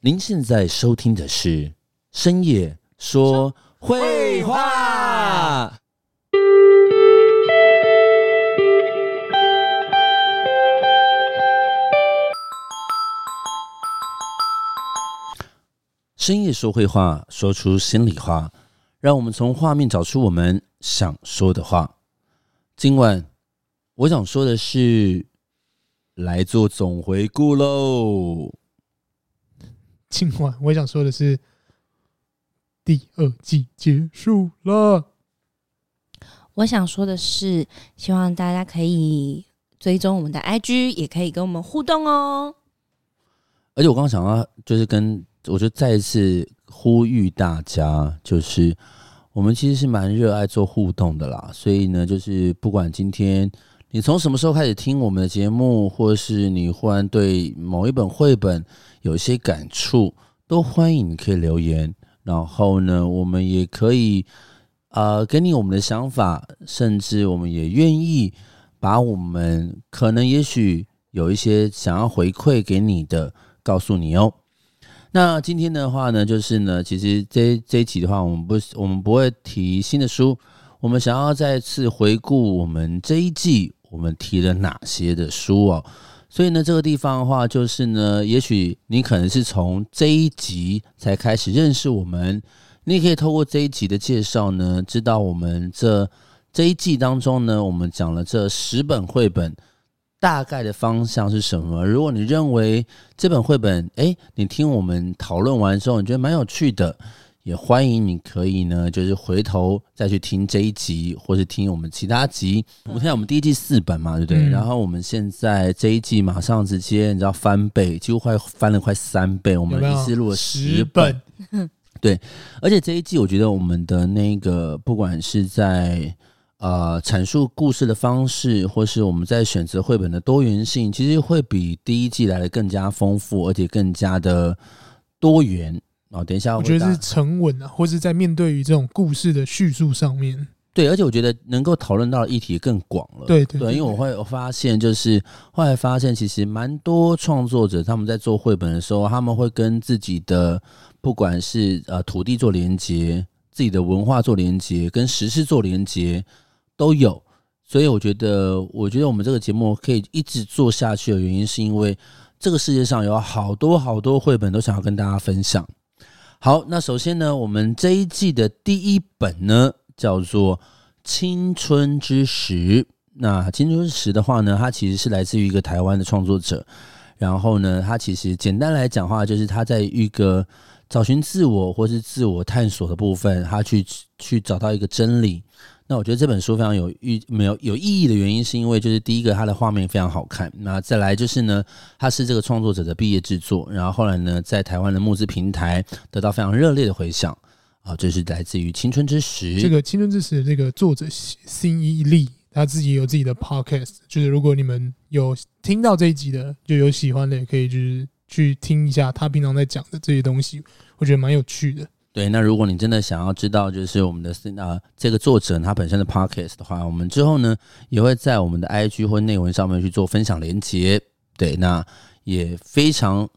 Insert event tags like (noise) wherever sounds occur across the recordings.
您現在收聽的是《深夜說繪畫》。深夜說繪畫，說出心裡話，讓我們從畫面找出我們想說的話。今晚我想說的是，來做總回顧嘍。今晚我想說的是，第二季結束了。我想說的是，希望大家可以追蹤我們的 IG，也可以跟我們互動哦。而且我剛剛想到，就是跟我就再一次呼籲大家，就是我們其實是蠻熱愛做互動的啦。所以呢，就是不管今天。你從什麼時候開始聽我們的節目，或是你忽然對某一本繪本有一些感觸，都歡迎你可以留言。然後呢，我們也可以呃給你我們的想法，甚至我們也願意把我們可能也許有一些想要回饋給你的，告訴你哦。那今天的話呢，就是呢，其實這這一集的話，我們不我們不會提新的書，我們想要再次回顧我們這一季。我們提了哪些的書哦？所以呢，這個地方的話，就是呢，也許你可能是從這一集才開始認識我們，你也可以透過這一集的介紹呢，知道我們這這一季當中呢，我們講了這十本繪本，大概的方向是什麼。如果你認為這本繪本，誒，你聽我們討論完之後，你覺得蠻有趣的。也歡迎，你可以呢，就是回頭再去聽這一集，或是聽我們其他集。我們現在我們第一季四本嘛，對不對？嗯。然後我們現在這一季馬上直接，你知道翻倍，幾乎快翻了快三倍。我們一次錄了十本，對。而且這一季，我覺得我們的那個，不管是在呃闡述故事的方式，或是我們在選擇繪本的多元性，其實會比第一季來的更加豐富，而且更加的多元。哦，等一下我，我覺得是沉穩啊，或是在面對於這種故事的敘述上面，對，而且我覺得能夠討論到的議題更廣了，對對，對，對對，因為我會發現，就是後來發現，其實蠻多創作者他們在做繪本的時候，他們會跟自己的不管是呃土地做連接，自己的文化做連接，跟時事做連接都有，所以我覺得，我覺得我們這個節目可以一直做下去的原因，是因為這個世界上有好多好多繪本都想要跟大家分享。好，那首先呢，我們這一季的第一本呢，叫做《青春之時》。那《青春之時》的話呢，它其實是來自於一個台灣的創作者。然後呢，它其實簡單來講的話，就是他在一個找尋自我或是自我探索的部分，他去去找到一個真理。那我覺得這本書非常有意沒有有意義的原因，是因為就是第一個它的畫面非常好看，那再來就是呢，它是這個創作者的畢業制作，然後後來呢，在台灣的募資平台得到非常熱烈的回響啊，這是來自於《青春之時》這個《青春之時》的這個作者辛伊力，他自己有自己的 podcast，就是如果你們有聽到這一集的，就有喜歡的也可以就是去聽一下他平常在講的這些東西，我覺得蠻有趣的。對，那如果你真的想要知道，就是我們的是、啊、這個作者他本身的 podcast 的話，我們之後呢也會在我們的 IG 或內文上面去做分享連接。對，那也非常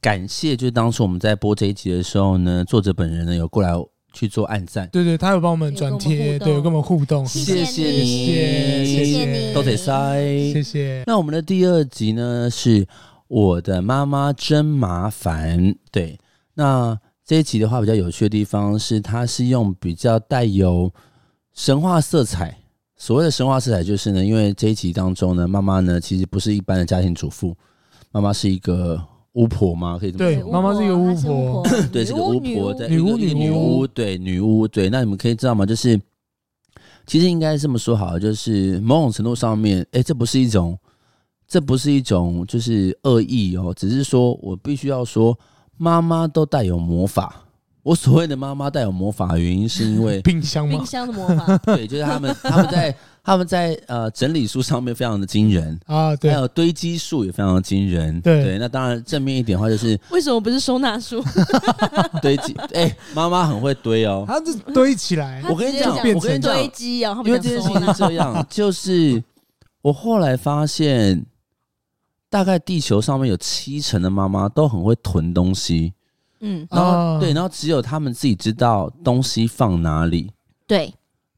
感謝，就是當初我們在播這一集的時候呢，作者本人呢有過來去做按讚，對對，他有幫我們轉貼，對，有跟我們互動，謝謝謝謝，謝謝，謝謝你豆仔塞，謝謝。那我們的第二集呢，是我的媽媽真麻煩，對，那。這一集的話比較有趣的地方是，它是用比較帶有神話色彩。所謂的神話色彩，就是呢，因為這一集當中呢，媽媽呢其實不是一般的家庭主婦，媽媽是一個巫婆嘛。可以這麼說，對，媽媽是一個巫婆，媽媽是巫婆 (coughs) 對，是個巫婆，在女巫，女女巫，對，女巫，女巫，對，女巫對。那你們可以知道嗎？就是其實應該這麼說好了，就是某種程度上面，哎、欸，這不是一種，這不是一種，就是惡意哦、喔，只是說我必須要說。媽媽都帶有魔法。我所謂的媽媽帶有魔法原因，是因為冰箱冰箱，的魔法。對，就是他們他們在他們在呃整理書上面非常的驚人啊，對，還有堆積書也非常的驚人。對，對，那當然正面一點的話就是為什麼不是收納書？堆積哎、欸，媽媽很會堆哦，她就堆起來想想。我跟你講，我跟你講堆積哦，他們講因為這件事情是這樣，就是我後來發現。大概地球上面有七成的媽媽都很會囤東西，嗯，然後、uh... 對，然後只有他們自己知道東西放哪裡。對，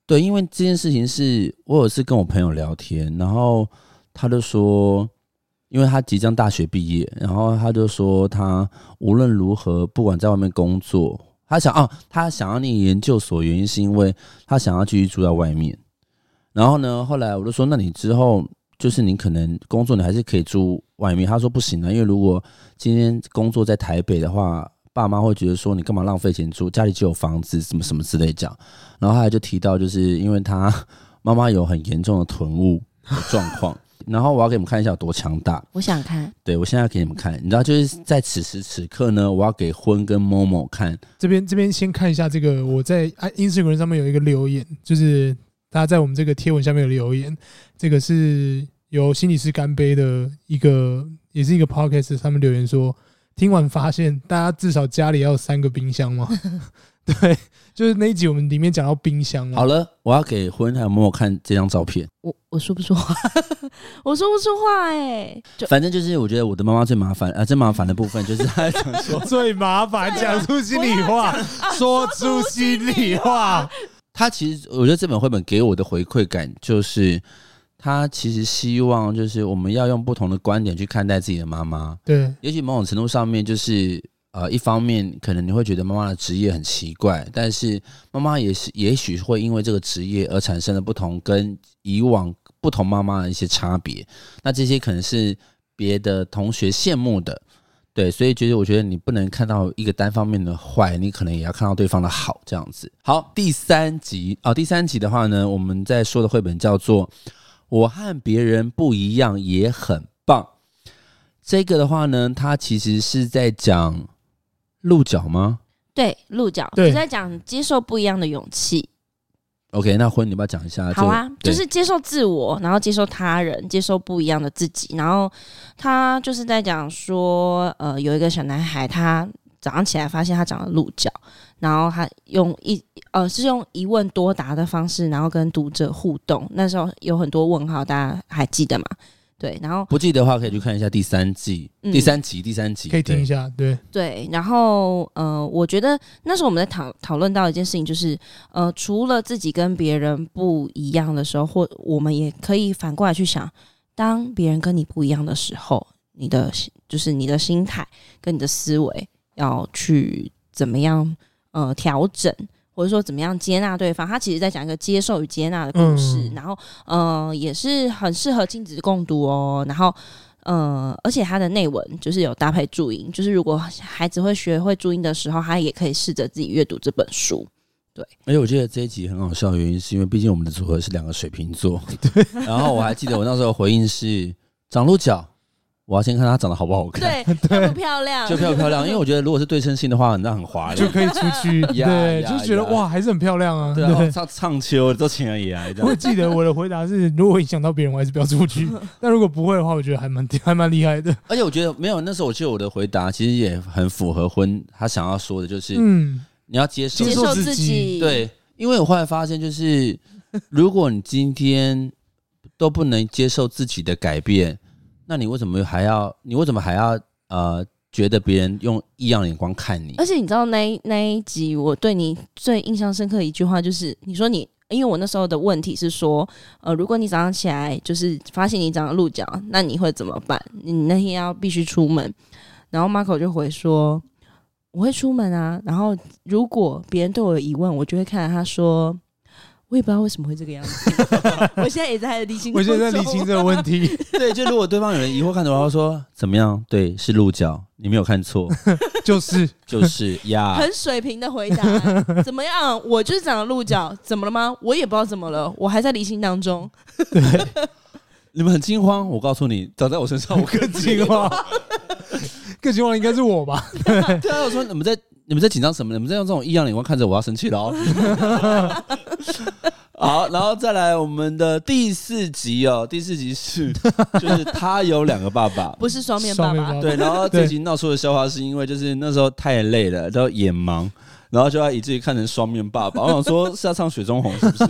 對，因為這件事情是，我有一次跟我朋友聊天，然後他就說，因為他即將大學畢業，然後他就說他無論如何不管在外面工作，他想啊，他想要念研究所，原因是因為他想要繼續住在外面。然後呢，後來我就說，那你之後就是你可能工作，你還是可以住。外面，明他說不行了、啊，因為如果今天工作在台北的話，爸媽會覺得說你幹嘛浪費錢住，家裡就有房子，什麼什麼之類講。然後後來就提到，就是因為他媽媽有很嚴重的囤物狀況。 (laughs) 然後我要給你們看一下有多強大，我想看。對，我現在要給你們看，你知道就是在此時此刻呢，我要給婚跟某某看。這邊這邊先看一下這個，我在 Instagram 上面有一個留言，就是大家在我們這個貼文下面有留言，這個是。有心理師乾杯的一個，也是一個 podcast 的，他們留言說，聽完發現大家至少家裡要有三個冰箱嘛。 (laughs) 對，就是那一集我們裡面講到冰箱了。好了，我要給胡恩海媽媽看這張照片。我我說不出話， (laughs) 我說不出話哎、欸。反正就是我覺得我的媽媽最麻煩啊，最麻煩的部分就是她想說 (laughs) 最麻煩，講出心裡話、啊啊，說出心裡話。他、啊、其實我覺得這本繪本給我的回饋感就是。他其實希望就是我們要用不同的觀點去看待自己的媽媽。對，也許某種程度上面，就是呃，一方面可能你會覺得媽媽的職業很奇怪，但是媽媽也是，也許會因為這個職業而產生了不同，跟以往不同媽媽的一些差別。那這些可能是別的同學羨慕的，對，所以覺得我覺得你不能看到一個單方面的壞，你可能也要看到對方的好，這樣子。好，第三集啊、哦，第三集的話呢，我們在說的繪本叫做。我和別人不一樣，也很棒。這個的話呢，它其實是在講鹿角嗎？對，鹿角。是在講接受不一樣的勇氣。OK，那換你幫我講一下。好啊，就是接受自我，然後接受他人，接受不一樣的自己。然後他就是在講說，呃，有一個小男孩，他。早上起來發現他長了鹿角，然後他用一呃是用一問多答的方式，然後跟讀者互動。那時候有很多問號，大家還記得嗎？對，然後不記得的話可以去看一下第三季，嗯、第三集、第三集，可以聽一下。對對，對，然後呃，我覺得那時候我們在討討論到一件事情，就是呃，除了自己跟別人不一樣的時候，或我們也可以反過來去想，當別人跟你不一樣的時候，你的就是你的心態跟你的思維要去怎麼樣？呃，調整或者說怎麼樣接納對方？他其實在講一個接受與接納的故事，嗯、然後，嗯、呃，也是很適合親子共讀哦。然後，嗯、呃，而且他的內文就是有搭配注音，就是如果孩子會學會注音的時候，他也可以試着自己閱讀這本書。對，而且我覺得這一集很好笑的原因是因為畢竟我們的組合是兩個水瓶座，對，對。然後我還記得我那時候回應是長鹿 (laughs) 角。我要先看，看他長得好不好看，對，漂亮就漂不漂亮，因為我覺得如果是對稱性的話，那很華麗， (laughs) 就可以出去，對，對就是覺得哇， (laughs) 還是很漂亮啊。對，唱唱秋都情而已啊。對對喔、我記得我的回答是，如果影響到別人，我還是不要出去。 (laughs) 但如果不會的話，我覺得還蠻還蠻厲害的。而且我覺得沒有那時候，我記得我的回答其實也很符合婚他想要說的，就是嗯，你要接受接受自己，對，因為我後來發現，就是如果你今天都不能接受自己的改變。那你為什麼還要？你為什麼還要呃覺得別人用異樣的眼光看你？而且你知道那那一集我對你最印象深刻的一句話就是，你說你因為我那時候的問題是說，呃，如果你早上起來就是發現你長了鹿角，那你會怎麼辦？你那天要必須出門，然後馬可就回說我會出門啊，然後如果別人對我有疑問，我就會看着他說。我也不知道為什麼會這個樣子 (laughs) (laughs) 我現在也在理清。我現在在理清這個問題。 (laughs) 對，就如果對方有人疑惑看着我，他說怎麼樣？對，是鹿角，你沒有看錯， (laughs) 就是就是呀、 (laughs) 就是 yeah。很水平的回答，怎麼樣？我就是長了鹿角，怎麼了嗎？我也不知道怎麼了，我還在理清當中。 (laughs) 對，你們很驚慌，我告訴你，長在我身上，我更驚慌， (laughs) 更驚慌， (laughs) 更驚慌應該是我吧？對啊， (laughs) (laughs) 我說你們在。你們在緊張什麼？你們在用這種異樣的眼光看着我，要生氣了哦。 (laughs) (laughs) 好，然後再來我們的第四集哦。第四集是就是他有兩個爸爸，不是雙面爸爸。對，然後這集鬧出的笑話是因為就是那時候太累了，都眼盲，然後就要以至於看成雙面爸爸。我想說是要唱《雪中紅》是不是？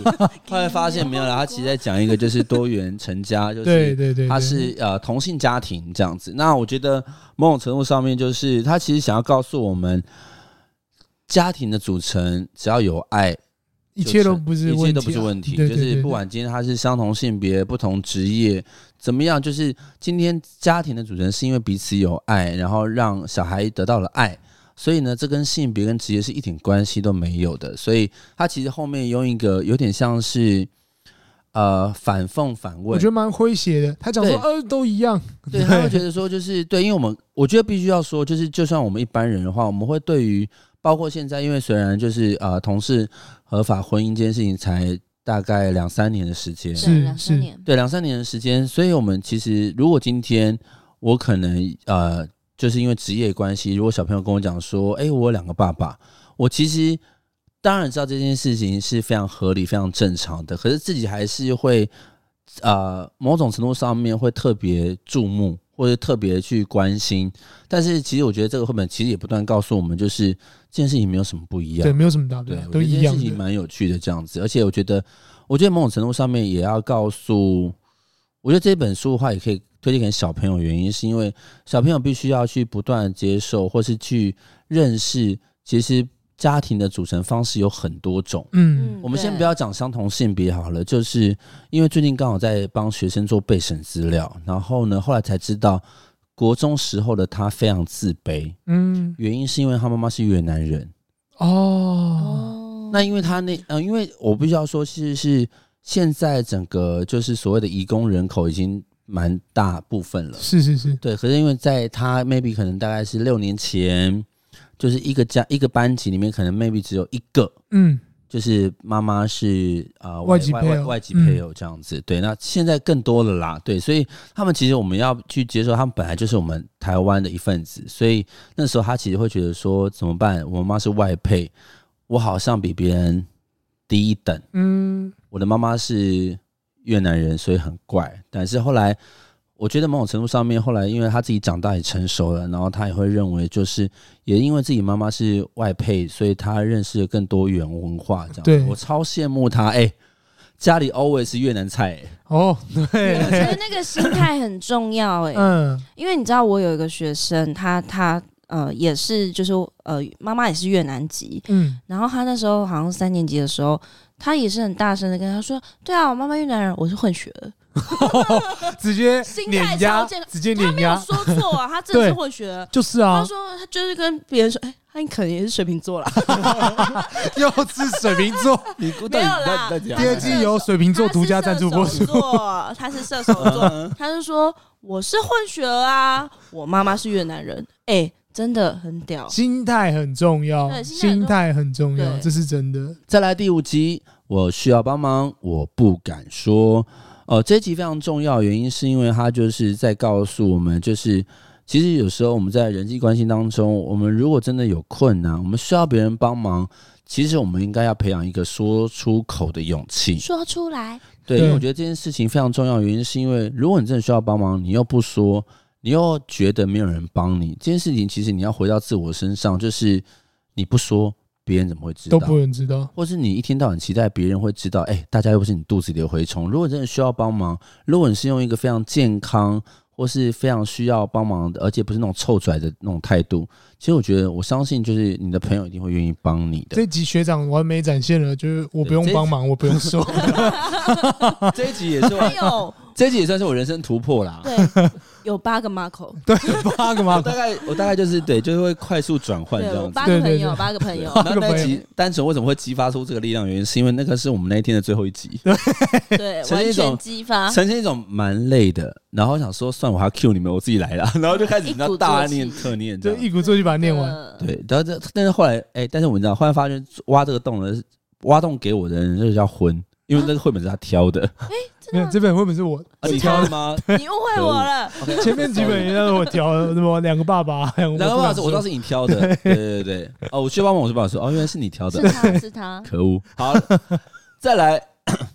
後來發現沒有了，他其實在講一個就是多元成家，就是對對對，他是呃同性家庭這樣子。那我覺得某種程度上面就是他其實想要告訴我們。家庭的組成只要有愛，一切都不是、啊，就是、一切都不是問題。對對對對就是不管今天他是相同性別、不同職業，怎麼樣，就是今天家庭的組成是因為彼此有愛，然後讓小孩得到了愛，所以呢，這跟性別跟職業是一點關係都沒有的。所以他其實後面用一個有點像是呃反諷反問，我覺得蠻詼諧的。他講說呃都一樣，對，對，他會覺得說就是對，因為我們我覺得必須要說，就是就算我們一般人的話，我們會對於。包括現在，因為雖然就是呃，同志合法婚姻這件事情才大概兩三年的時間，是兩三年，對，兩三年的時間，所以我們其實如果今天我可能呃，就是因為職業關係，如果小朋友跟我講說，哎、欸，我有兩個爸爸，我其實當然知道這件事情是非常合理、非常正常的，可是自己還是會呃某種程度上面會特別注目，或者特別去關心。但是其實我覺得這個繪本其實也不斷告訴我們，就是。這件事情沒有什麼不一樣，對，沒有什麼大對，都一樣的。這件事情蠻有趣的，這樣子，而且我覺得，我覺得某種程度上面也要告訴，我覺得這本書的話也可以推薦給小朋友，原因是因為小朋友必須要去不斷接受或是去認識，其實家庭的組成方式有很多種。嗯，我們先不要講相同性別好了，就是因為最近剛好在幫學生做備審資料，然後呢，後來才知道。國中時候的他非常自卑，嗯，原因是因為他媽媽是越南人哦，那因為他那嗯、呃，因為我必須要說，其實是現在整個就是所謂的移工人口已經蠻大部分了，是是是，對。可是因為在他 maybe 可能大概是六年前，就是一個家一個班級裡面可能 maybe 只有一個，嗯。就是媽媽是呃，外籍配偶，外籍配偶這樣子，嗯、對。那現在更多了啦，對。所以他們其實我們要去接受，他們本來就是我們台灣的一份子。所以那時候他其實會覺得說，怎麼辦？我媽是外配，我好像比別人低一等。嗯，我的媽媽是越南人，所以很怪。但是後來。我覺得某種程度上面，後來因為他自己長大也成熟了，然後他也會認為，就是也因為自己媽媽是外配，所以他認識了更多元文化。這樣子，對，我超羨慕他，哎、欸，家裡 always 越南菜哦、欸，oh, 對、欸，那個心態很重要、欸，哎，嗯咳咳，因為你知道，我有一個學生，他他呃，也是就是呃，媽媽也是越南籍，嗯，然後他那時候好像三年級的時候，他也是很大聲的跟他說，對啊，我媽媽越南人，我是混血直接碾壓，直接碾壓，他沒有說錯啊，他真的是混血，就是啊。他說，他就是跟別人說，哎、欸，他可能也是水瓶座啦。 (laughs) 又是水瓶座， (laughs) 你對，沒有啦。第二季由水瓶座獨家贊助播出，他是射手座，他是射手座 (laughs) 他就說我是混血啊，我媽媽是越南人，哎、欸，真的很屌，心態很，很重要，心態很重要，這是真的。再來第五集，我需要幫忙，我不敢說。哦、呃，這一集非常重要，原因是因為它就是在告訴我們，就是其實有時候我們在人際關係當中，我們如果真的有困難，我們需要別人幫忙，其實我們應該要培養一個說出口的勇氣，說出來。對、嗯，我覺得這件事情非常重要，原因是因為如果你真的需要幫忙，你又不說，你又覺得沒有人幫你，這件事情其實你要回到自我身上，就是你不說。別人怎麼會知道？都不能知道，或是你一天到晚期待別人會知道。哎、欸，大家又不是你肚子裡的蛔蟲。如果真的需要幫忙，如果你是用一個非常健康，或是非常需要幫忙的，而且不是那種湊出來的那種態度，其實我覺得，我相信，就是你的朋友一定會願意幫你的。這集學長完美展現了，就是我不用幫忙，我不用說。 (laughs) (laughs) 這一集也是，我，這一集也算是我人生突破啦。 (laughs) 有八個 mouth，對，有八個 mouth， (laughs) 大概我大概就是對，就是會快速轉換這樣子。八個朋友，八個朋友。那那集單純為什麼會激發出這個力量？原因是因為那個是我們那一天的最後一集。對，對呈現一種完全激發。呈現一種蠻累的，然後想說，算我要 cue 你們，我自己來了，然後就開始大念特念，就一鼓作氣把它念完。對，然後這但是後來，哎、欸，但是我們知道，後來發現挖這個洞挖洞給我的人，就叫魂。因為那個繪本是他挑的、啊，哎、欸啊，這本繪本是我你挑的嗎？你誤會我了。Okay、前面幾本應該是我挑的，什麼兩個爸爸， (laughs) 兩個爸爸我說我倒是你挑的，對對對，對。 (laughs) 哦，我去幫忙，我是不敢說。哦，原來是你挑的是他，是他，可惡。好， (laughs) 再來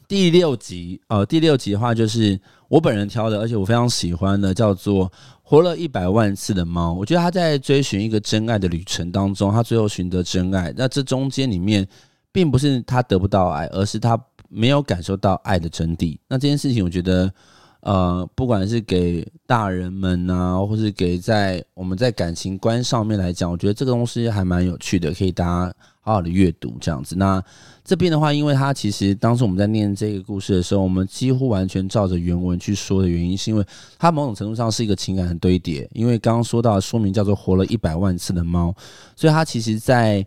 第六集，哦，第六集的話就是我本人挑的，而且我非常喜歡的，叫做《活了一百萬次的貓》。我覺得他在追尋一個真愛的旅程當中，他最後尋得真愛。那這中間裡面，並不是他得不到愛，而是他。沒有感受到愛的真諦，那這件事情，我覺得，呃，不管是給大人們呢、啊，或是給在我們在感情觀上面來講，我覺得這個東西還蠻有趣的，可以大家好好的閱讀這樣子。那這邊的話，因為它其實當時我們在念這個故事的時候，我們幾乎完全照着原文去說的原因，是因為它某種程度上是一個情感的堆疊，因為剛剛說到的書名叫做《活了一百萬次的貓》，所以它其實在。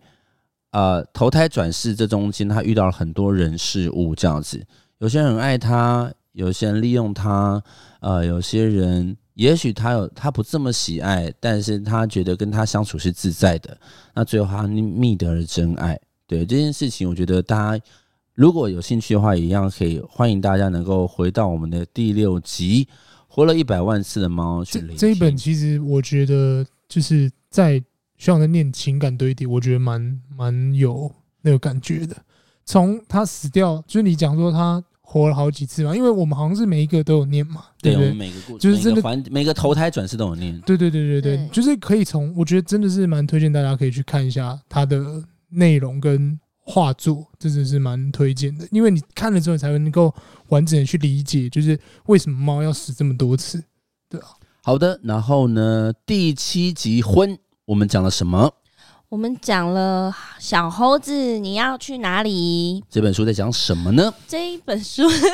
呃，投胎轉世這中間，他遇到了很多人事物這樣子。有些人很愛他，有些人利用他。呃，有些人也許他有他不這麼喜愛，但是他覺得跟他相處是自在的。那最後他覓得了真愛。對這件事情，我覺得大家如果有興趣的話，一樣可以歡迎大家能夠回到我們的第六集《活了一百萬次的貓》去聆聽。這這一本其實我覺得就是在。學長在念情感堆疊，我覺得蠻蠻有那個感覺的。從他死掉，就是你講說他活了好幾次嘛，因為我們好像是每一個都有念嘛，對，對，對我們每個故事就是真的，每個，每個投胎轉世都有念。對對對對對，嗯、就是可以從我覺得真的是蠻推薦大家可以去看一下他的內容跟畫作，真的是蠻推薦的，因為你看了之後，你才能夠完整的去理解，就是為什麼貓要死這麼多次，對、啊、好的，然後呢，第七集婚。我們講了什麼？我們講了小猴子，你要去哪裡？這本書在講什麼呢？這一本書，呵呵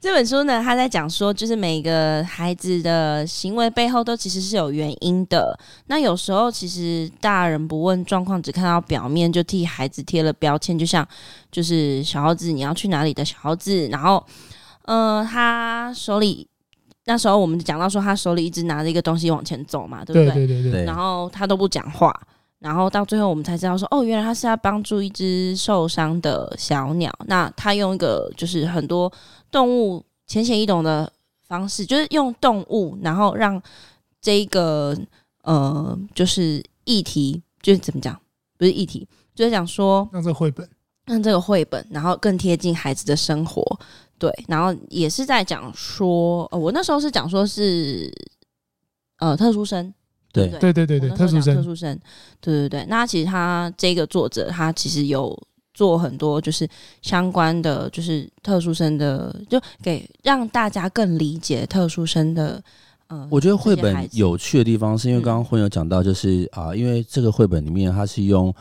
這本書呢，他在講說，就是每個孩子的行為背後都其實是有原因的。那有時候其實大人不問狀況，只看到表面就替孩子貼了標籤，就像就是小猴子你要去哪裡的小猴子，然後呃，他手裡。那時候我們講到說，他手裡一直拿着一個東西往前走嘛，對不對？對對對，對。然後他都不講話，然後到最後我們才知道說，哦，原來他是要幫助一隻受傷的小鳥。那他用一個就是很多動物淺顯易懂的方式，就是用動物，然後讓這一個呃，就是議題，就是怎麼講？不是議題，就是講說，那這繪本。那這個繪本，然後更貼近孩子的生活，對，然後也是在講說、呃，我那時候是講說是，呃，特殊生，對，對，對，對，對，對，對，對，對，特殊生，特殊生，對，對，對。那其實他這個作者，他其實有做很多，就是相關的，就是特殊生的，就給讓大家更理解特殊生的。嗯、呃，我覺得繪本有趣的地方，是因為剛剛會有講到，就是、嗯、啊，因為這個繪本裡面他是用。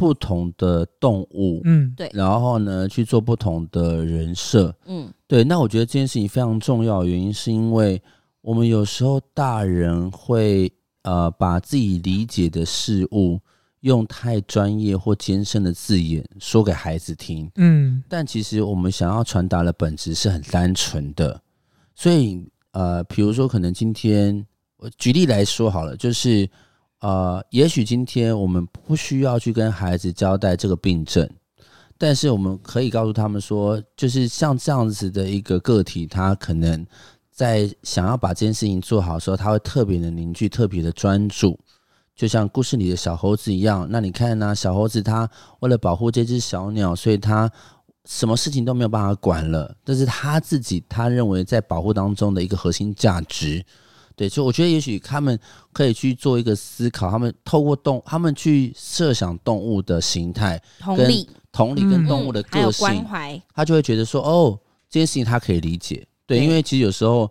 不同的動物，嗯，對，然後呢，去做不同的人設，嗯，對。那我覺得這件事情非常重要，原因是因為我們有時候大人會呃，把自己理解的事物用太專業或艱深的字眼說給孩子聽，嗯，但其實我們想要傳達的本質是很單純的，所以呃，比如說可能今天我舉例來說好了，就是。呃，也許今天我們不需要去跟孩子交代這個病症，但是我們可以告訴他們說，就是像這樣子的一個個體，他可能在想要把這件事情做好的時候，他會特別的凝聚，特別的專注，就像故事裡的小猴子一樣。那你看呢、啊？小猴子他為了保護這隻小鳥，所以他什麼事情都沒有辦法管了。但是他自己，他認為在保護當中的一個核心價值。對，就我覺得也許他們可以去做一個思考，他們透過動，他們去設想動物的形態，同理，同理跟動物的個性，嗯嗯、他就會覺得說，哦，這件事情他可以理解對。對，因為其實有時候，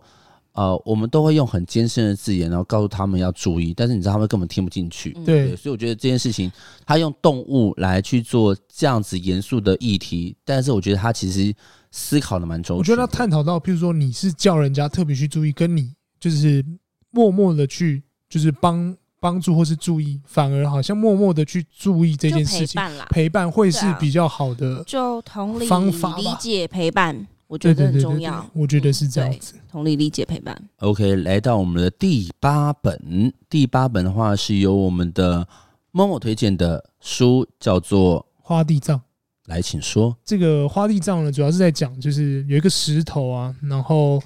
呃，我們都會用很艱深的字眼，然後告訴他們要注意，但是你知道他們根本聽不進去對。對，所以我覺得這件事情，他用動物來去做這樣子嚴肅的議題，但是我覺得他其實思考的蠻周全的。我覺得他探討到，譬如說，你是叫人家特別去注意，跟你就是。默默的去，就是幫幫助或是注意，反而好像默默的去注意這件事情，陪伴，陪伴會是比較好的方法啊。就同理理解陪伴，我覺得很重要。對對對對對，我覺得是這樣子，嗯，同理理解陪伴。OK，來到我們的第八本，第八本的話是由我們的某貓推薦的書，叫做《花地藏》。來，請說。這個《花地藏》呢，主要是在講，就是有一個石頭啊，然後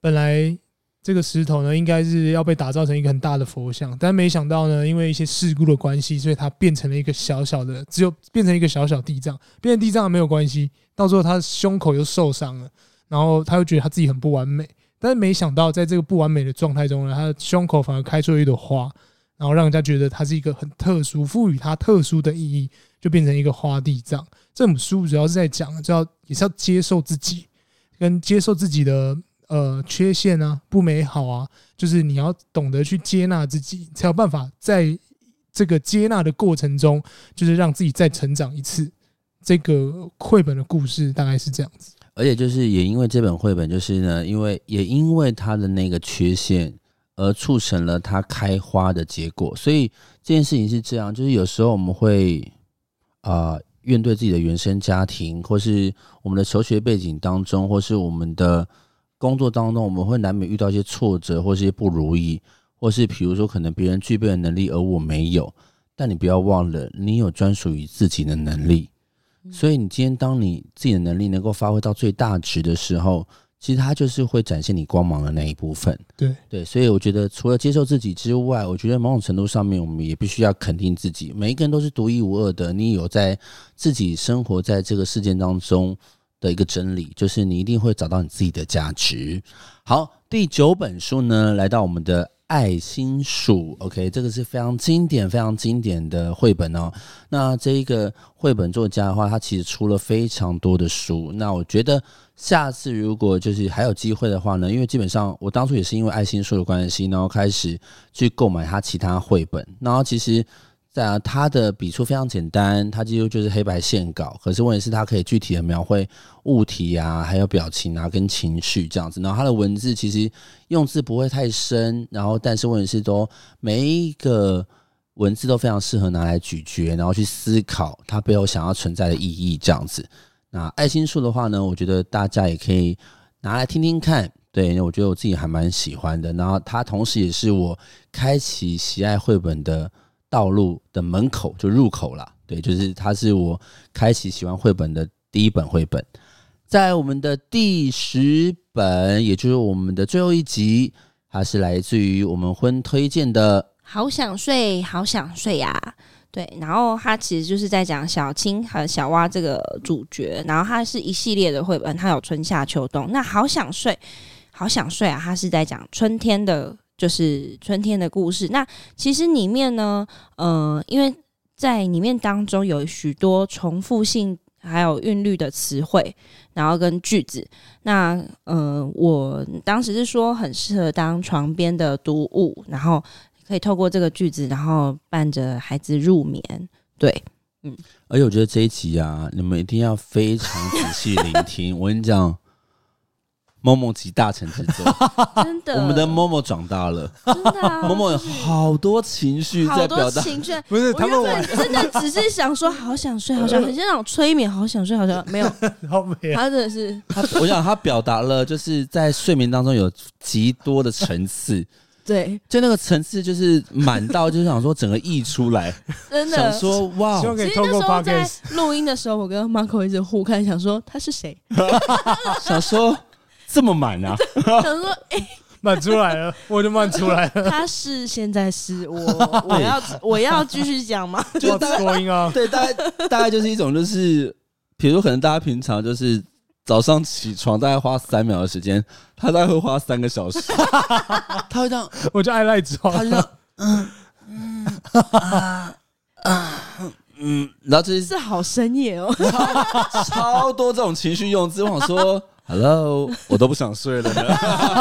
本來。這個石頭呢，應該是要被打造成一個很大的佛像，但沒想到呢，因為一些事故的關係，所以它變成了一個小小的，只有變成一個小小地藏，變成地藏沒有關係。到時候他胸口又受傷了，然後他又覺得他自己很不完美，但是沒想到，在這個不完美的狀態中呢，他的胸口反而開出了一朵花，然後讓人家覺得他是一個很特殊，賦予它特殊的意義，就變成一個花地藏。這本書主要是在講，就要也是要接受自己，跟接受自己的。呃，缺陷啊，不美好啊，就是你要懂得去接納自己，才有辦法在這個接納的過程中，就是讓自己再成長一次。這個繪本的故事大概是這樣子，而且就是也因為這本繪本，就是呢，因為也因為它的那個缺陷，而促成了它開花的結果。所以這件事情是這樣，就是有時候我們會啊，面、呃、對自己的原生家庭，或是我們的求學背景當中，或是我們的。工作當中，我們會難免遇到一些挫折，或是一些不如意，或是比如說可能別人具備的能力而我沒有。但你不要忘了，你有專屬於自己的能力。所以你今天當你自己的能力能夠發揮到最大值的時候，其實它就是會展現你光芒的那一部分。對對，所以我覺得除了接受自己之外，我覺得某種程度上面我們也必須要肯定自己。每一個人都是獨一無二的，你有在自己生活在這個世界當中。的一個真理就是，你一定會找到你自己的價值。好，第九本書呢，來到我們的愛心樹。OK，這個是非常經典、非常經典的繪本哦。那這一個繪本作家的話，他其實出了非常多的書。那我覺得下次如果就是還有機會的話呢，因為基本上我當初也是因為愛心樹的關係，然後開始去購買他其他繪本，然後其實。對啊，他的筆觸非常簡單，他幾乎就是黑白線稿。可是問題是，他可以具體的描繪物體啊，還有表情啊，跟情緒這樣子。然後他的文字其實用字不會太深，然後但是問題是都，都每一個文字都非常適合拿來咀嚼，然後去思考它背後想要存在的意義這樣子。那愛心樹的話呢，我覺得大家也可以拿來聽聽看，對，因為我覺得我自己還蠻喜歡的。然後它同時也是我開啟喜愛繪本的。道路的門口就入口了，對，就是它是我開啟喜歡繪本的第一本繪本，在我們的第十本，也就是我們的最後一集，它是來自於我們婚推薦的《好想睡，好想睡呀》。對，然後它其實就是在講小青和小蛙這個主角，然後它是一系列的繪本，它有春夏秋冬。那好想睡，好想睡啊！它是在講春天的。就是春天的故事。那其實裡面呢，嗯、呃，因為在裡面當中有許多重複性還有韻律的詞彙，然後跟句子。那嗯、呃，我當時是說很適合當床邊的讀物，然後可以透過這個句子，然後伴着孩子入眠。對，嗯，而且我覺得這一集啊，你們一定要非常仔細聆聽。 (laughs) 我跟你講。某某集大成之作， (laughs) 真的，我們的某某長大了， (laughs) 真的、啊，某某有好多情緒在表達，好多情緒 (laughs) 不是他們真的只是想說，好想睡，好像很 (laughs) 像那種催眠，好想睡，好像 (laughs) 沒有 (laughs) 好，他真的是，我想他表達了，就是在睡眠當中有極多的層次， (laughs) 對，就那個層次就是滿到就是想說整個溢出來， (laughs) 真的，想說哇，其實那時候在錄音的時候，我跟 Marco 一直互看，想說他是誰，想說。這麼滿啊！他 (laughs) 說：“滿、欸、出來了，我就滿出來了。”他是現在是我，我要我要繼續講嗎？ (laughs) 就是聲音啊，對，大概大概就是一種，就是比如可能大家平常就是早上起床，大概花三秒的時間，他大概會花三個小時， (laughs) 他會這樣。我就愛賴床。他就嗯嗯啊啊嗯，然後這、就是是好深夜哦， (laughs) 超多這種情緒用詞我想說。Hello， (laughs) 我都不想睡了呢。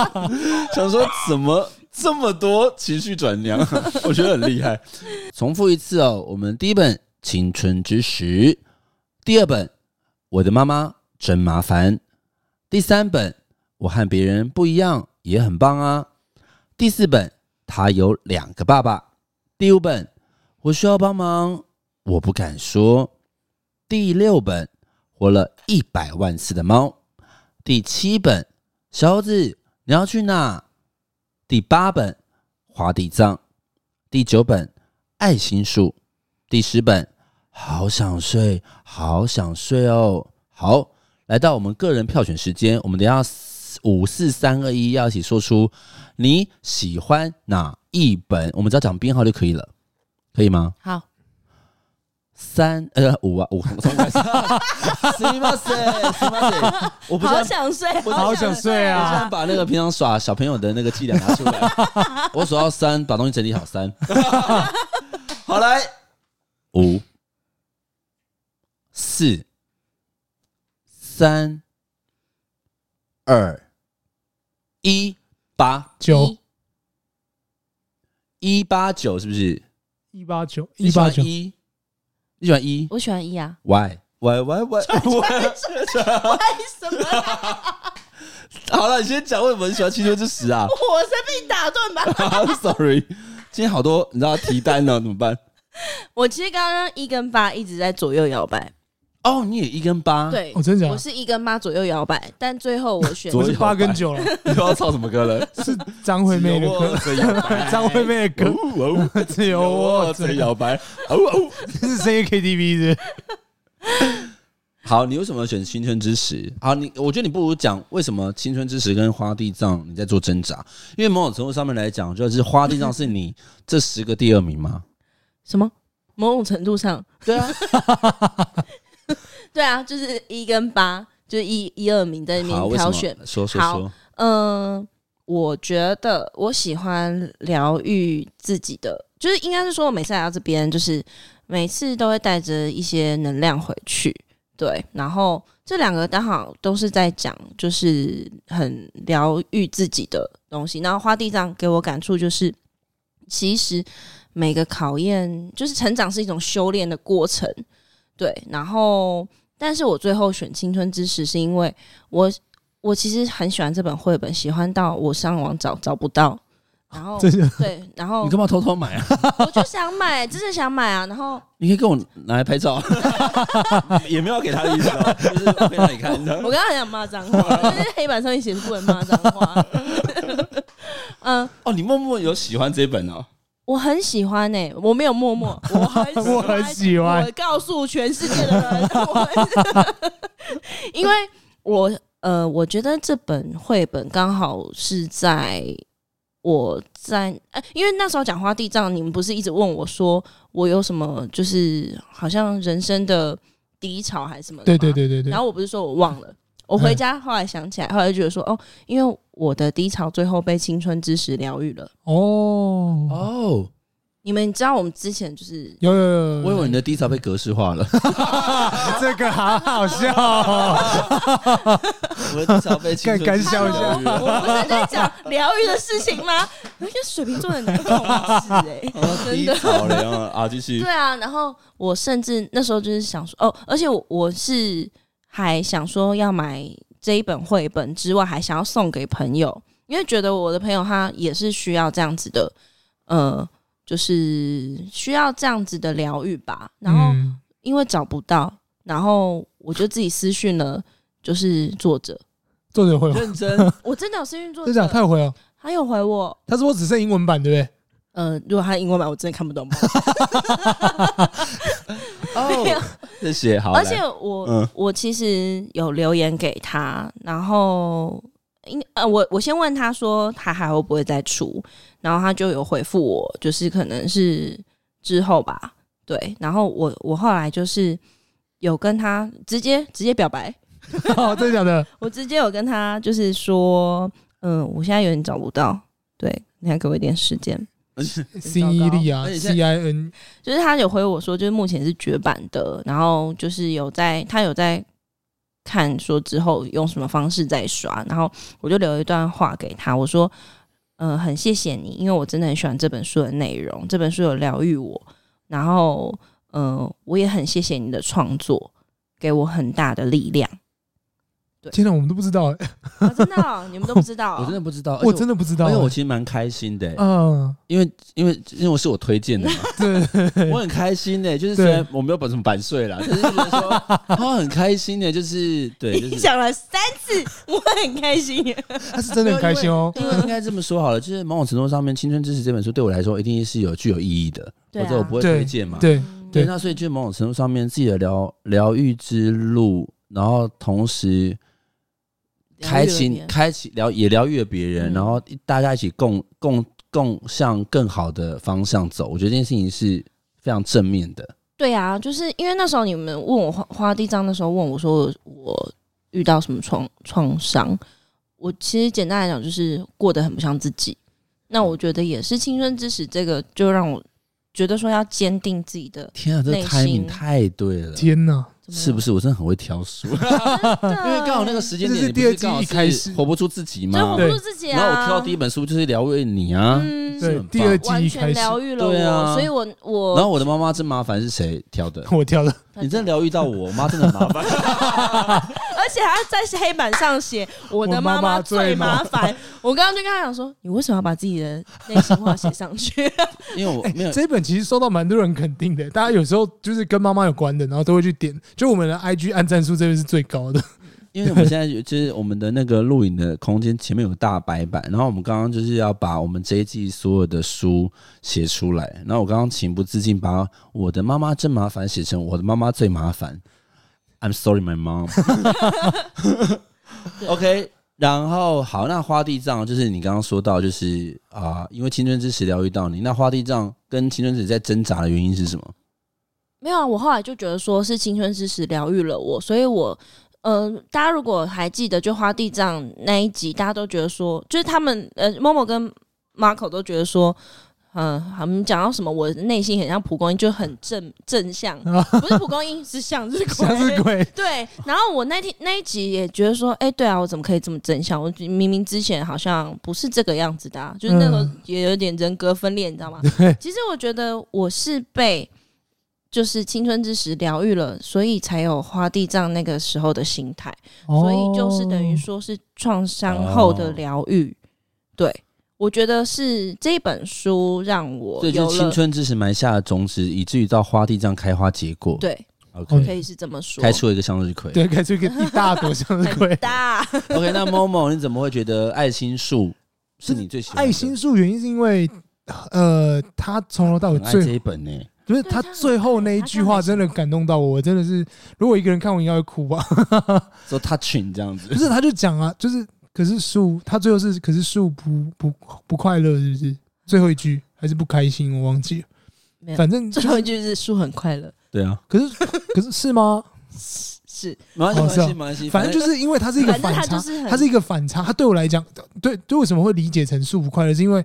(laughs) 想說怎麼這麼多情緒轉涼，啊， (laughs) 我覺得很厲害。重複一次哦，我們第一本《青春之時》，第二本《我的媽媽真麻煩》，第三本《我和別人不一樣》也很棒啊。第四本《他有兩個爸爸》，第五本《我需要幫忙》，我不敢說。第六本《活了一百萬次的貓》。第七本，小猴子，你要去哪？第八本，滑地藏。第九本，愛心樹。第十本，好想睡，好想睡哦。好，來到我們個人票選時間，我們等下五四三二一，要一起說出你喜歡哪一本，我們只要講編號就可以了，可以嗎？好。三呃五啊五三，哈哈哈哈哈！死媽睡死媽睡，我好想睡，我好想睡啊！睡啊睡啊 (laughs) 我不 (laughs) 先把那個平常耍小朋友的那個伎倆拿出來， (laughs) 我數到三，把東西整理好。三， (laughs) (laughs) 好，來五四三二一八九一，一八九是不是？一八九一八九你喜歡一、e？我喜歡一、e、啊。喂喂 y 喂，h y w y y 什麼啦？ (laughs) 好了，你先講為什麼你喜歡七九四十啊？我 (laughs) 生病打斷吧 (laughs) sorry。Sorry，今天好多，你知道提單了怎麼辦？ (laughs) 我其實剛剛一跟八一直在左右搖擺。哦、oh，你也一跟八？對，我、哦、真的講，我是一跟八左右搖擺，但最後我選。左 (laughs) 是八跟九了。 (laughs) 你知道唱什麼歌了？是張惠妹的歌，張惠妹的歌，自由我， (laughs) (laughs) 自由搖擺，哦 (laughs) 哦， (laughs) 這是深夜 K T V 的。好，你為什麼選《青春之時》？好，你我覺得你不如講為什麼《青春之時》跟《花地藏》你在做掙扎？因為某種程度上面來講，就是《花地藏》是你這十個第二名嗎？ (laughs) 什麼？某種程度上，對啊。 (laughs) 對啊，就是一跟八，就是一一二名在裡面挑選。說說說，好，嗯、呃，我覺得我喜歡療癒自己的，就是應該是說，我每次來到這邊，就是每次都會帶着一些能量回去。對，然後這兩個剛好都是在講，就是很療癒自己的東西。然後花地藏給我感觸就是，其實每個考驗就是成長是一種修煉的過程。對，然後。但是我最後選《青春之時》是因為我我其實很喜歡這本繪本，喜歡到我上網找找不到，然後對，然後你幹嘛偷偷買啊？我就想買，就是想買啊。然後你可以跟我拿來拍照， (laughs) (laughs) 也沒有給他的意思，就是讓你看 (laughs) (laughs) 我剛剛很想罵髒話，因 (laughs) 為黑板上面寫不能罵髒話。 (laughs) 嗯，哦，你默默有喜歡這本哦。我很喜歡呢、欸，我沒有默默，我很喜歡， (laughs) 我很喜歡，我告訴全世界的人， (laughs) (laughs) 因為我呃，我覺得這本繪本剛好是在我在誒、欸，因為那時候講花地藏，你們不是一直問我說我有什麼，就是好像人生的低潮還是什麼？對對對對對。然後我不是說我忘了。 (laughs) 我回家後來想起來，欸、後來覺得說哦，因為我的低潮最後被青春知識療癒了。哦哦，你們知道我們之前就是有有有、嗯，我以為你的低潮被格式化了，啊啊、這個好好笑、哦啊啊啊啊啊。我的低潮被乾乾笑療癒，我不是在講療癒的事情嗎？有些水瓶座很好，不懂哎、欸，真的。好後啊，就是 (laughs) 對啊，然後我甚至那時候就是想說哦，而且我，我是。還想說要買這一本繪本之外，還想要送給朋友，因為覺得我的朋友他也是需要這樣子的，呃，就是需要這樣子的療癒吧。然後因為找不到，然後我就自己私訊了，就是作者，作者會認真。 (laughs) 我真的有私訊作者，真的假的，他有回哦？喔，他有回我。他說我只剩英文版，對不對？呃，如果他英文版，我真的看不懂。 (laughs) (laughs) 謝謝。好，而且我我其實有留言給他，然後應呃，我我先問他說他還會不會再出，然後他就有回復我，就是可能是之後吧，對。然後我我後來就是有跟他直接直接表白，真的假的？我直接有跟他就是說，嗯，我現在有點找不到，對，你還給我一點時間。C.E.L. 啊，C.I.N. 就是他有回我說，就是目前是絕版的，然後就是有在，他有在看說之後用什麼方式再刷，然後我就留一段話給他，我說，嗯、呃，很謝謝你，因為我真的很喜歡這本書的內容，這本書有療癒我，然後，嗯、呃，我也很謝謝你的創作，給我很大的力量。天哪、啊，我們都不知道、欸 (laughs) 啊、真的、喔，你們都不知道、喔。我真的不知道，我，我真的不知道、欸。因為我其實蠻開心的、欸，嗯，因為因為因為我是我推薦的嘛，對， (laughs) 我很開心的、欸，就是雖然我沒有把什麼掰碎了、 (laughs) 喔欸，就是說他很開心的，就是對，講了三次，我很開心， (laughs) 他是真的很開心哦、喔。因為就是、應該這麼說好了，就是某種程度上面，《青春知識這本書對我來說，一定是有具有意義的，或者、啊、我不會推薦嘛，對對，對，對，對，對，對，那所以就某種程度上面自己的療療癒之路，然後同時。開啟，開啟療也療癒了別人、嗯，然後大家一起共共共向更好的方向走。我覺得這件事情是非常正面的。對啊，就是因為那時候你們問我花花地章的時候問我說我遇到什麼創創傷，我其實簡單來講就是過得很不像自己。那我覺得也是青春之使，這個就讓我覺得說要堅定自己的內心。天啊，這個、timing 太對了，天吶、啊。是不是我真的很會挑書？ (laughs) 因為剛好那個時間點，第二季一開始你不是活不出自己嗎？然後我挑的第一本書就是療癒你啊，對，第二季完全療癒了我，所以我我，然後我的媽媽真麻煩是誰挑的？我挑的。你真的療癒到我，我媽真的麻煩， (laughs) (laughs) (laughs) 而且還在黑板上寫我的媽媽最麻煩。我剛剛就跟他講說，你為什麼要把自己的內心話寫上去？ (laughs) 因為我、欸、沒有，這一本其實受到蠻多人肯定的，大家有時候就是跟媽媽有關的，然後都會去點。就我們的 IG 按讚數這邊是最高的，因為我們現在就是我們的那個錄影的空間前面有個大白板，然後我們剛剛就是要把我們這一季所有的書寫出來。然後我剛剛情不自禁把我的媽媽真麻煩寫成我的媽媽最麻煩，I'm sorry my mom。 (laughs) (laughs) OK，然後好，那花地藏就是你剛剛說到就是啊，因為青春之時療癒到你，那花地藏跟青春之時在掙扎的原因是什麼？沒有啊，我後來就覺得說是青春之時療癒了我，所以我，呃，大家如果還記得，就花地藏那一集，大家都覺得說，就是他們，呃，Momo 跟 Marco 都覺得說，嗯、呃，我們講到什麼，我內心很像蒲公英，就很正正向，不是蒲公英是向日葵，向日葵，對，然後我那天那一集也覺得說，哎、欸，對啊，我怎麼可以這麼正向？我明明之前好像不是這個樣子的、啊，就是那時候也有點人格分裂，你知道嗎？嗯、其實我覺得我是被。就是青春之時療癒了，所以才有花地藏那個時候的心態、哦，所以就是等於說是創傷後的療癒、哦。對，我覺得是這本書讓我，這就是、青春之時埋下的種子，以至於到花地藏開花結果。對，OK，可以是這麼說，開出了一個向日葵，對，開出一個一大朵向日葵， (laughs) 很大。 (laughs) OK，那 Momo 你怎麼會覺得愛心樹是你最喜歡的？愛心樹原因是因為呃，他從頭到尾愛這一本呢、欸。不是，他最後那一句話真的感動到我，我真的是如果一個人看我應該會哭吧，說 so touching 這樣子。不是，他就講啊，就是可是樹，他最後是可是樹不不不快樂，是不是最後一句還是不開心？我忘記了、嗯，反正最後一句是樹很快樂。對啊，可是可是是嗎？ (laughs) 是，是，哦啊、反正就是因為它是一個反差，它是，是一個反差，它對我來講，對，就為什麼會理解成樹不快樂？是因為。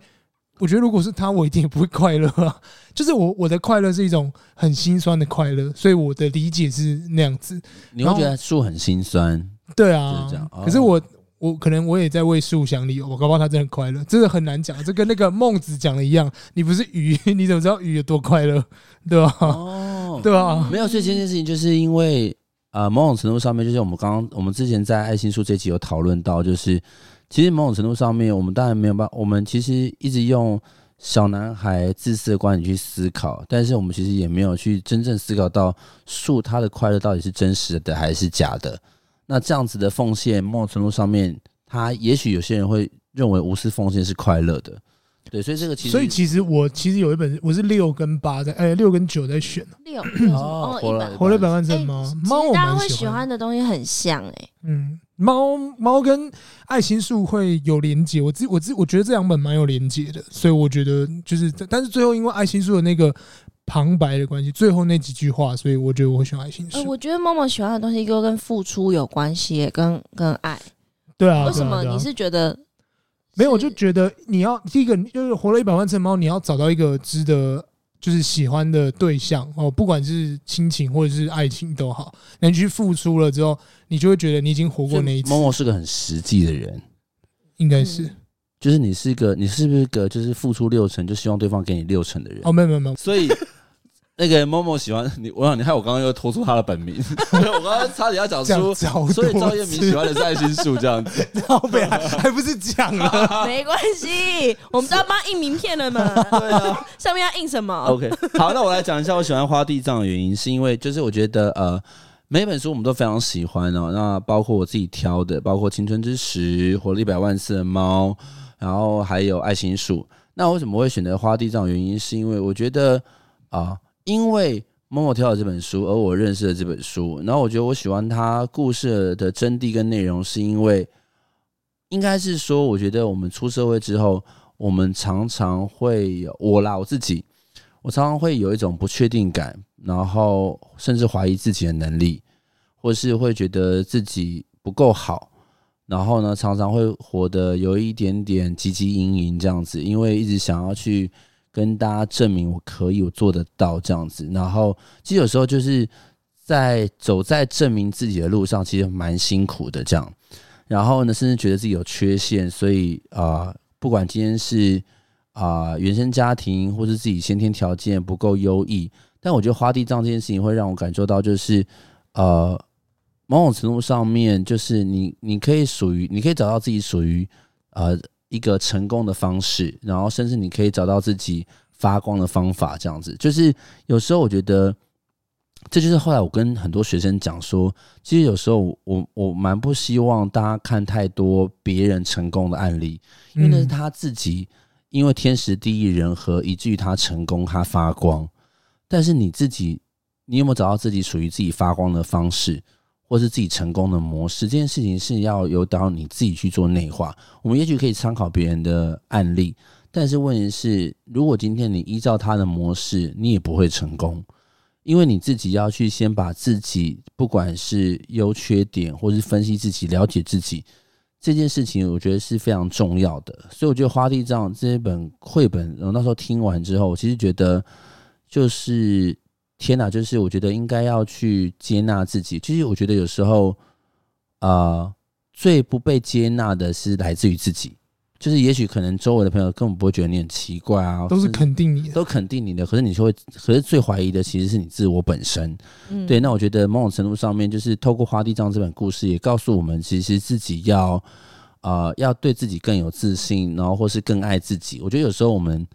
我覺得如果是他，我一定也不會快樂，啊。就是我，我的快樂是一種很心酸的快樂，所以我的理解是那樣子。你會覺得樹很心酸？對啊，就是，這樣，可是我、哦，我可能我也在為樹想理由。我、哦、搞不好他真的快樂，真的很難講。這跟那個孟子講的一樣，你不是魚，你怎麼知道魚有多快樂？對吧、啊？哦，對吧、啊嗯？沒有。所以這件事情，就是因為啊、呃，某種程度上面，就是我們剛剛我們之前在愛心樹這集有討論到，就是。其實某種程度上面，我們當然沒有辦法。我們其實一直用小男孩自私的觀點去思考，但是我們其實也沒有去真正思考到樹他的快樂到底是真實的還是假的。那這樣子的奉獻，某種程度上面，他也許有些人會認為無私奉獻是快樂的。對，所以這個其實，所以其實我其實有一本，我是六跟八在，哎、欸啊，六跟九在選六哦，哦，活了，活了，活了百萬貓嗎？當、欸、然會喜歡的東西很像哎、欸，嗯。貓貓跟愛心樹會有連結，我自我自我覺得這兩本蠻有連結的，所以我覺得就是，但是最後因為愛心樹的那個旁白的關係，最後那幾句話，所以我覺得我會選愛心樹、呃。我覺得貓貓喜歡的東西都跟付出有關係，跟跟愛對、啊對啊對啊。對啊。為什麼？你是覺得是沒有？我就覺得你要第一個，就是活了一百萬隻貓，你要找到一個值得，就是喜歡的對象哦，不管是親情或者是愛情都好，你去付出了之後，你就會覺得你已經活過那一次。Momo 是個很實際的人，應該是，嗯、就是你是一個，你是不是個就是付出六成就希望對方給你六成的人？哦，沒有沒有沒有，所以。 (laughs) 那個 Momo 喜歡你，我想你害我剛剛又拖出他的本名 (laughs) (laughs) 我剛剛差點要講出，所以趙彥明喜歡的是愛心樹這樣子， (laughs) 然講 (laughs) 後被面還， (laughs) 還不是講了，沒關係，我們都要幫印名片了嘛， (laughs) 上對了笑面要印什麼？OK，好，那我來講一下我喜歡花地藏的原因，是因為就是我覺得呃，每本書我們都非常喜歡哦，那包括我自己挑的，包括青春之時，活了一百萬次的貓，然後還有愛心樹，那我為什麼會選擇花地藏的原因，是因為我覺得啊。呃因為某某挑的這本書，而我認識了這本書。然後我覺得我喜歡它故事的真諦跟內容，是因為應該是說，我覺得我們出社會之後，我們常常會我啦我自己，我常常會有一種不確定感，然後甚至懷疑自己的能力，或是會覺得自己不夠好。然後呢，常常會活得有一點點汲汲營營這樣子，因為一直想要去。跟大家證明我可以，我做得到這樣子。然後其實有時候就是在走在證明自己的路上，其實蠻辛苦的。這樣，然後呢，甚至覺得自己有缺陷。所以啊、呃，不管今天是啊、呃、原生家庭，或是自己先天條件不夠優異，但我覺得花地藏這件事情會讓我感受到，就是呃某種程度上面，就是你你可以屬於，你可以找到自己屬於啊。呃一個成功的方式，然後甚至你可以找到自己發光的方法，這樣子。就是有時候我覺得，這就是後來我跟很多學生講說，其實有時候我我蠻不希望大家看太多別人成功的案例，因為那是他自己，嗯、因為天時地利人和，以至於他成功他發光。但是你自己，你有沒有找到自己屬於自己發光的方式？或是自己成功的模式，這件事情是要誘導你自己去做內化。我們也許可以參考別人的案例，但是問題是，如果今天你依照他的模式，你也不會成功，因為你自己要去先把自己不管是優缺點，或是分析自己、了解自己這件事情，我覺得是非常重要的。所以，我覺得《花地藏》這一本繪本，我那時候聽完之後，我其實覺得就是。天吶，就是我覺得應該要去接納自己。其實我覺得有時候，啊、呃，最不被接納的是來自於自己。就是也許可能周圍的朋友根本不會覺得你很奇怪啊，都是肯定你，都肯定你的。可是你就會，可是最懷疑的其實是你自我本身、嗯。對。那我覺得某種程度上面，就是透過花地藏這本故事，也告訴我們，其實自己要啊、呃，要對自己更有自信，然後或是更愛自己。我覺得有時候我們。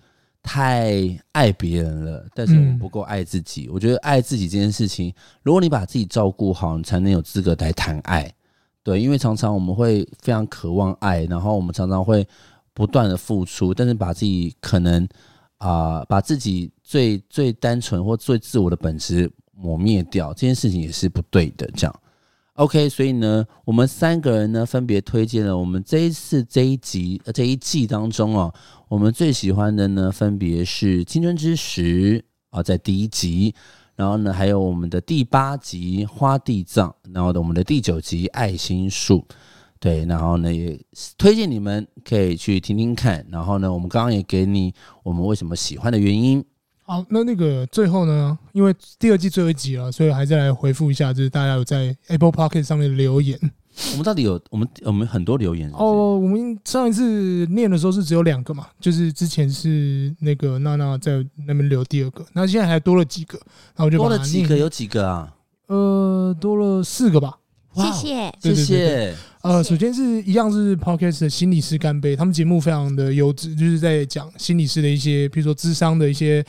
太愛別人了，但是我們不夠愛自己。嗯。我覺得愛自己這件事情，如果你把自己照顧好，你才能有資格來談愛。對，因為常常我們會非常渴望愛，然後我們常常會不斷的付出，但是把自己可能啊，呃，把自己最最單純或最自我的本質磨滅掉，這件事情也是不對的。這樣。OK，所以呢，我們三個人呢，分別推薦了我們這一次這一集呃，這一季當中啊、哦，我們最喜歡的呢分別是《青春之時》啊、哦，在第一集，然後呢還有我們的第八集《花地藏》，然後的我們的第九集《愛心樹》，對，然後呢也推薦你們可以去聽聽看，然後呢我們剛剛也給你我們為什麼喜歡的原因。好，那那個最後呢，因為第二季最後一集了，所以還是來回復一下，就是大家有在 Apple Podcast 上面留言。我們到底有我們我們很多留言是不是？哦，我們上一次念的時候是只有兩個嘛，就是之前是那個娜娜在那邊留第二個，那現在還多了幾個，然後我就把它多了幾個，有幾個啊？呃，多了四個吧。Wow, 謝謝對對對對，謝謝。呃，首先是一樣是 Podcast 的心理師乾杯，他們節目非常的優質，就是在講心理師的一些，比如說諮商的一些，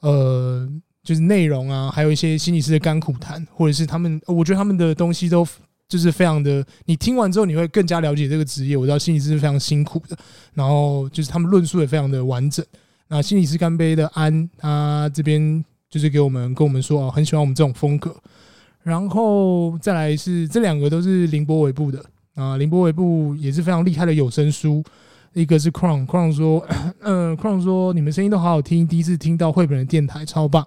呃，就是內容啊，還有一些心理師的甘苦談，或者是他們、呃，我覺得他們的東西都就是非常的，你聽完之後你會更加了解這個職業。我知道心理師是非常辛苦的，然後就是他們論述也非常的完整。那心理師乾杯的安，他、啊、這邊就是給我們跟我們說啊，很喜歡我們這種風格。然後再來是這兩個都是凌波微步的啊，凌波微步也是非常厲害的有聲書。一個是 Crown，Crown Crown 說，嗯、呃、，Crown 說，你們聲音都好好聽，第一次聽到繪本的電台，超棒。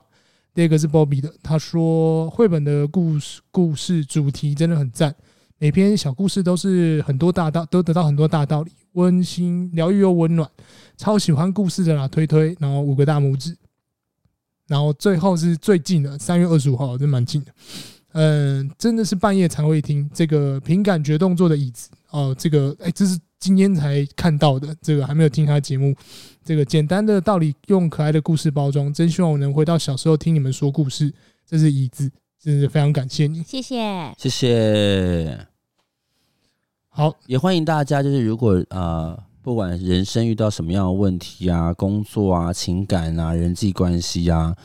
第二個是 Bobby 的，他說繪本的故事故事主題真的很讚，每篇小故事都是很多大道都得到很多大道理，溫馨療癒又溫暖，超喜歡故事的啦，推推，然後五個大拇指。然後最後是最近的三月二十五號，真蠻近的。嗯，真的是半夜才會聽這個憑感覺動作的椅子哦、呃。這個哎、欸，這是今天才看到的，這個還沒有聽他節目。這個簡單的道理用可愛的故事包裝，真希望我能回到小時候聽你們說故事。這是椅子，真的是非常感謝你，謝謝，謝謝。好，也歡迎大家，就是如果啊、呃，不管人生遇到什麼樣的問題啊，工作啊，情感啊，人際關係啊。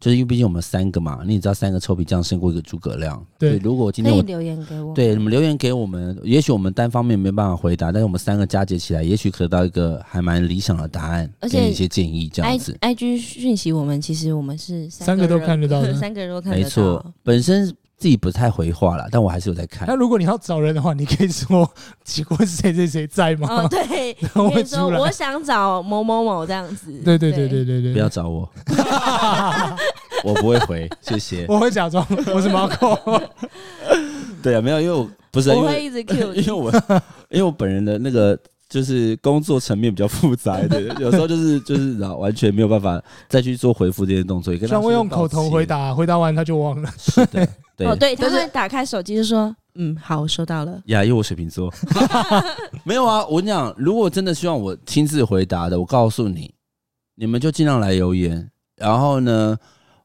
就是因為畢竟我們三個嘛，你知道三個臭皮匠勝過一個諸葛亮對。對，如果今天我們留言給我，對你們留言給我們，也許我們單方面沒辦法回答，但是我們三個加結起來，也許得到一個還蠻理想的答案，給你一些建議這樣子。IG 訊息我們其實我們是三個人，三個都看得到， (laughs) 三個人都看得到，沒錯，本身。自己不太回話了，但我還是有在看。那如果你要找人的話，你可以說“結果誰誰誰在嗎？”哦、對，可以說“我想找某某某”這樣子。對對對對對對，不要找我， (laughs) 我不會回，謝謝。我會假裝我是 Marco (laughs) 對啊，沒有，因為我不是，啊，我會一直 cue，因為我因為我，因為我本人的那個。就是工作層面比較複雜的，有時候就是就是完全沒有辦法再去做回復這些動作，也跟他說。像我用口頭回答，回答完他就忘了。是對、哦、對，他是打開手機就說、是，嗯，好，我收到了。呀，因為我水瓶座， (laughs) (laughs) 沒有啊。我跟你講，如果真的希望我親自回答的，我告訴你，你們就儘量來留言。然後呢？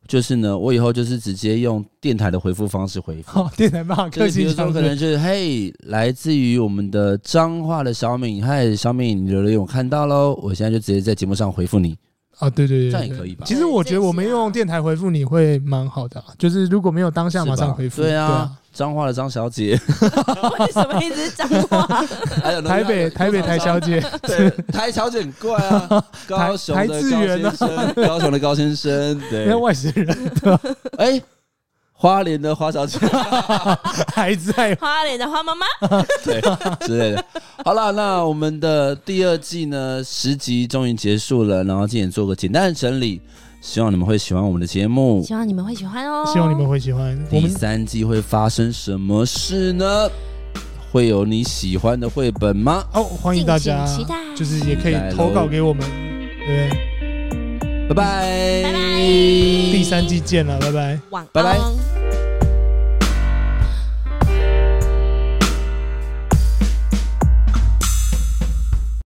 就是呢，我以後就是直接用電台的回復方式回復。電台嘛，就比如說，可能就是“嘿”，來自於我們的彰化的小敏，“嗨，小敏，你留言我看到嘍，我現在就直接在節目上回復你。”啊，對對，對對對，這樣也可以吧？其實我覺得我們用電台回復你會蠻好的，啊，就是如果沒有當下馬上回復，對啊，彰化、啊、的張小姐， (laughs) 為什麼一直彰化？ (laughs) 台北台北台小姐， (laughs) 對，台小姐很怪啊， (laughs) 高雄的高先生，啊，高雄高先生 (laughs) 高雄的高先生，對，沒有外星人，對吧哎。 (laughs) 欸花蓮的花小姐還 (laughs) 在花蓮的花媽媽 (laughs) 對之類的。好了，那我們的第二季呢，十集終於結束了，然後今天做個簡單的整理，希望你們會喜歡我們的節目，希望你們會喜歡哦，希望你們會喜歡。第三季會發生什麼事呢？會有你喜歡的繪本嗎？哦，歡迎大家，敬請期待，就是也可以投稿給我們，對拜拜，拜拜，第三季見了，拜拜，晚安，拜拜。